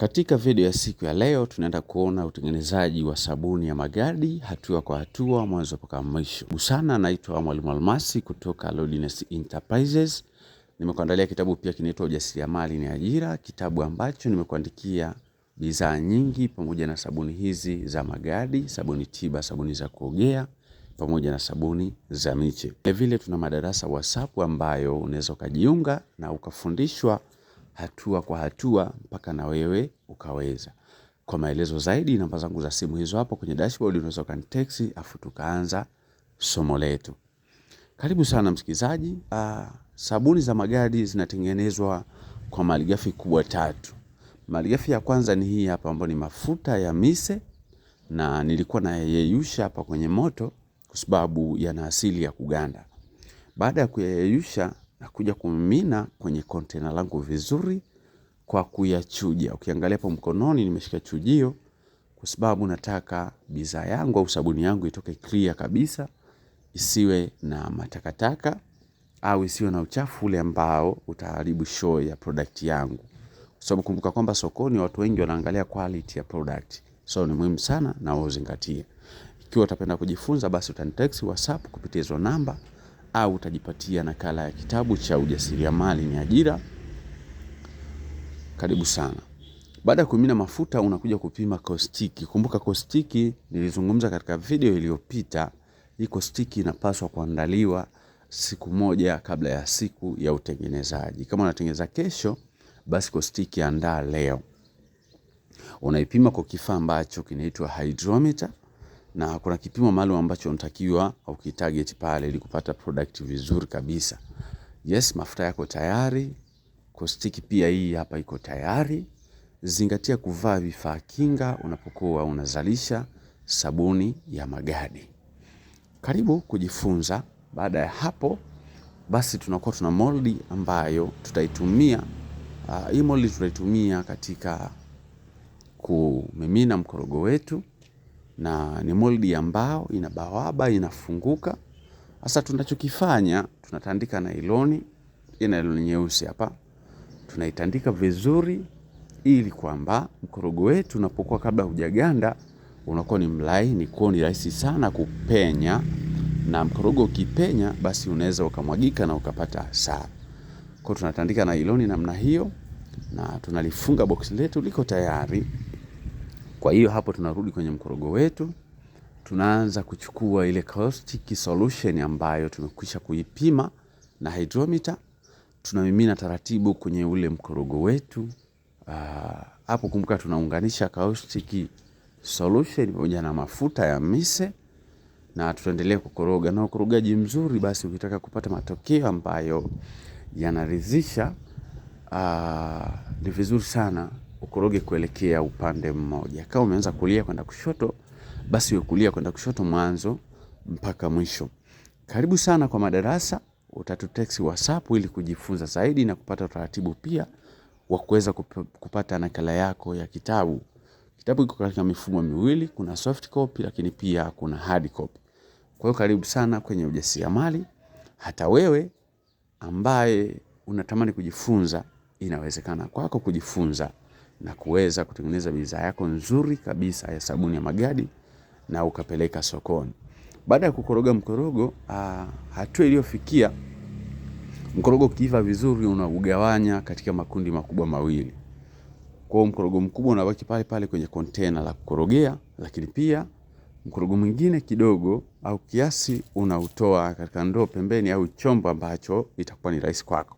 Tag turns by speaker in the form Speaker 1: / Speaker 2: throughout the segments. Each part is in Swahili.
Speaker 1: Katika video ya siku ya leo tunaenda kuona utengenezaji wa sabuni ya magadi hatua kwa hatua mwanzo mpaka mwisho. Busana anaitwa Mwalimu Almasi kutoka Lodness Enterprises. Nimekuandalia kitabu pia kinaitwa Ujasiriamali ni Ajira, kitabu ambacho nimekuandikia bidhaa nyingi pamoja na sabuni hizi za magadi, sabuni tiba, sabuni za kuogea pamoja na sabuni za miche. Vilevile tuna madarasa WhatsApp ambayo unaweza ukajiunga na ukafundishwa hatua kwa hatua mpaka na wewe ukaweza. Kwa maelezo zaidi, namba zangu za simu hizo hapo kwenye dashboard, unaweza ukanitext afu tukaanza somo letu. Karibu sana msikilizaji. Uh, sabuni za magadi zinatengenezwa kwa malighafi kubwa tatu. Malighafi ya kwanza ni hii hapa ambayo ni mafuta ya mise, na nilikuwa nayayeyusha hapa kwenye moto kwa sababu yana asili ya kuganda. Baada ya kuyayeyusha na kuja kumimina kwenye kontena langu vizuri kwa kuyachuja. Ukiangalia hapo mkononi nimeshika chujio kwa sababu nataka bidhaa yangu au sabuni yangu itoke clear kabisa, isiwe na matakataka au isiwe na uchafu ule ambao utaharibu show ya product yangu, kwa kumbuka kwamba sokoni watu wengi wanaangalia quality ya product. So ni muhimu sana na uzingatie. Ikiwa utapenda kujifunza, basi utanitext WhatsApp kupitia hizo namba au utajipatia nakala ya kitabu cha ujasiriamali ni ajira. Karibu sana. Baada ya kumimina mafuta, unakuja kupima kostiki. Kumbuka kostiki nilizungumza katika video iliyopita. Hii kostiki inapaswa kuandaliwa siku moja kabla ya siku ya utengenezaji. Kama unatengeneza kesho, basi kostiki andaa leo. Unaipima kwa kifaa ambacho kinaitwa hydrometer na kuna kipimo maalum ambacho unatakiwa ukitarget pale ili kupata product vizuri kabisa. Yes, mafuta yako tayari, kostiki pia hii hapa iko tayari. Zingatia kuvaa vifaa kinga unapokuwa unazalisha sabuni ya magadi. Karibu kujifunza. Baada ya hapo basi tunakuwa tuna moldi ambayo tutaitumia. Uh, hii moldi tutaitumia katika kumimina mkorogo wetu na ni moldi ya mbao, ina bawaba, inafunguka. Sasa tunachokifanya tunatandika nailoni, ina nailoni nyeusi hapa tunaitandika vizuri, ili kwamba mkorogo wetu unapokuwa kabla hujaganda unakuwa ni mlaini, kwa ni rahisi sana kupenya, na mkorogo ukipenya, basi unaweza ukamwagika na ukapata hasara. Kwa tunatandika nailoni namna hiyo na tunalifunga boksi letu liko tayari. Kwa hiyo hapo tunarudi kwenye mkorogo wetu, tunaanza kuchukua ile caustic solution ambayo tumekwisha kuipima na hydrometer, tunamimina taratibu kwenye ule mkorogo wetu. Ah, hapo kumbuka, tunaunganisha caustic solution pamoja na mafuta ya mise na tutaendelea kukoroga, na ukorogaji mzuri basi, ukitaka kupata matokeo ambayo yanaridhisha ah, ni vizuri sana ukoroge kuelekea upande mmoja. Kama umeanza kulia kwenda kushoto, basi uwe kulia kwenda kushoto mwanzo mpaka mwisho. Karibu sana kwa madarasa. Utatutext WhatsApp ili kujifunza zaidi na kupata utaratibu pia wa kuweza kupata nakala yako ya kitabu. Kitabu kiko katika mifumo miwili, kuna soft copy lakini pia kuna hard copy. Kwa hiyo karibu sana kwenye ujasiriamali. Hata wewe ambaye unatamani kujifunza, inawezekana kwako kujifunza na kuweza kutengeneza bidhaa yako nzuri kabisa ya sabuni ya magadi na ukapeleka sokoni. Baada ya kukoroga mkorogo, ah, hatua iliyofikia mkorogo ukiiva vizuri, unaugawanya katika makundi makubwa mawili. Kwa hiyo mkorogo mkubwa unabaki pale pale kwenye kontena la kukorogea, lakini pia mkorogo mwingine kidogo au kiasi unautoa katika ndoo pembeni au chombo ambacho itakuwa ni rahisi kwako.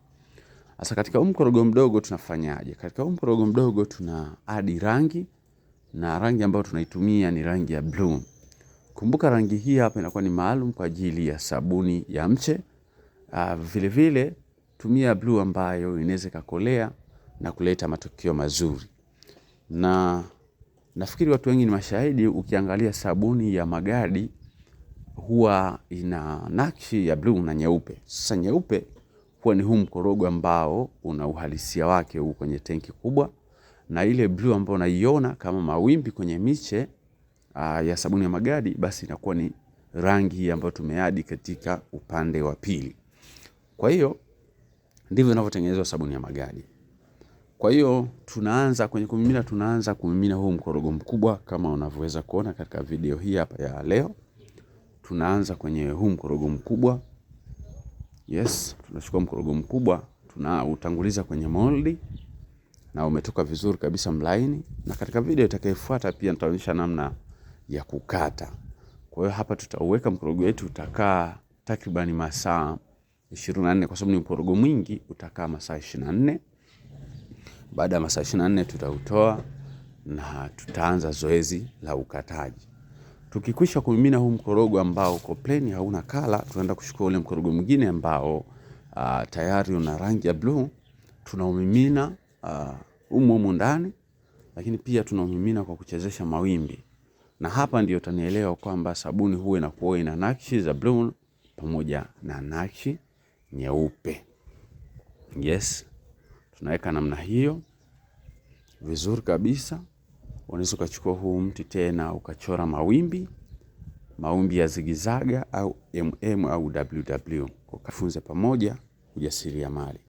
Speaker 1: Sasa katika huu mkorogo mdogo tunafanyaje? Katika huu mkorogo mdogo tuna adi rangi na rangi ambayo tunaitumia ni rangi ya blue. Kumbuka rangi hii hapa inakuwa ni maalum kwa ajili ya sabuni ya mche. Uh, vile vile tumia blue ambayo inaweza kakolea na kuleta matokeo mazuri. Na nafikiri watu wengi ni mashahidi, ukiangalia sabuni ya magadi huwa ina nakshi ya blue na nyeupe. Sasa nyeupe kuwa ni huu mkorogo ambao una uhalisia wake huu kwenye tenki kubwa, na ile blue ambayo unaiona kama mawimbi kwenye miche aa, ah, ya sabuni ya magadi, basi inakuwa ni rangi hii ambayo tumeadi katika upande wa pili. Kwa hiyo ndivyo inavyotengenezwa sabuni ya magadi. Kwa hiyo tunaanza kwenye kumimina, tunaanza kumimina huu mkorogo mkubwa kama unavyoweza kuona katika video hii hapa ya leo. Tunaanza kwenye huu mkorogo mkubwa Yes, tunachukua mkorogo mkubwa tunautanguliza kwenye moldi na umetoka vizuri kabisa mlaini, na katika video itakayofuata pia nitaonyesha namna ya kukata. Kwa hiyo hapa tutauweka mkorogo wetu, utakaa takriban masaa 24 kwa sababu ni mkorogo mwingi, utakaa masaa 24. Baada ya masaa 24 tutautoa na tutaanza zoezi la ukataji. Tukikwisha kumimina huu mkorogo ambao uko plain hauna kala, tunaenda kuchukua ule mkorogo mwingine ambao uh, tayari una rangi ya bluu, tunaumimina humu uh, ah, umu ndani, lakini pia tunaumimina kwa kuchezesha mawimbi, na hapa ndio utanielewa kwamba sabuni huwa inakuwa ina nakshi za bluu pamoja na nakshi nyeupe. Yes, tunaweka namna hiyo vizuri kabisa unaweza ukachukua huu mti tena ukachora mawimbi mawimbi ya zigizaga au mm au ww, kwa kufunza pamoja ujasiriamali.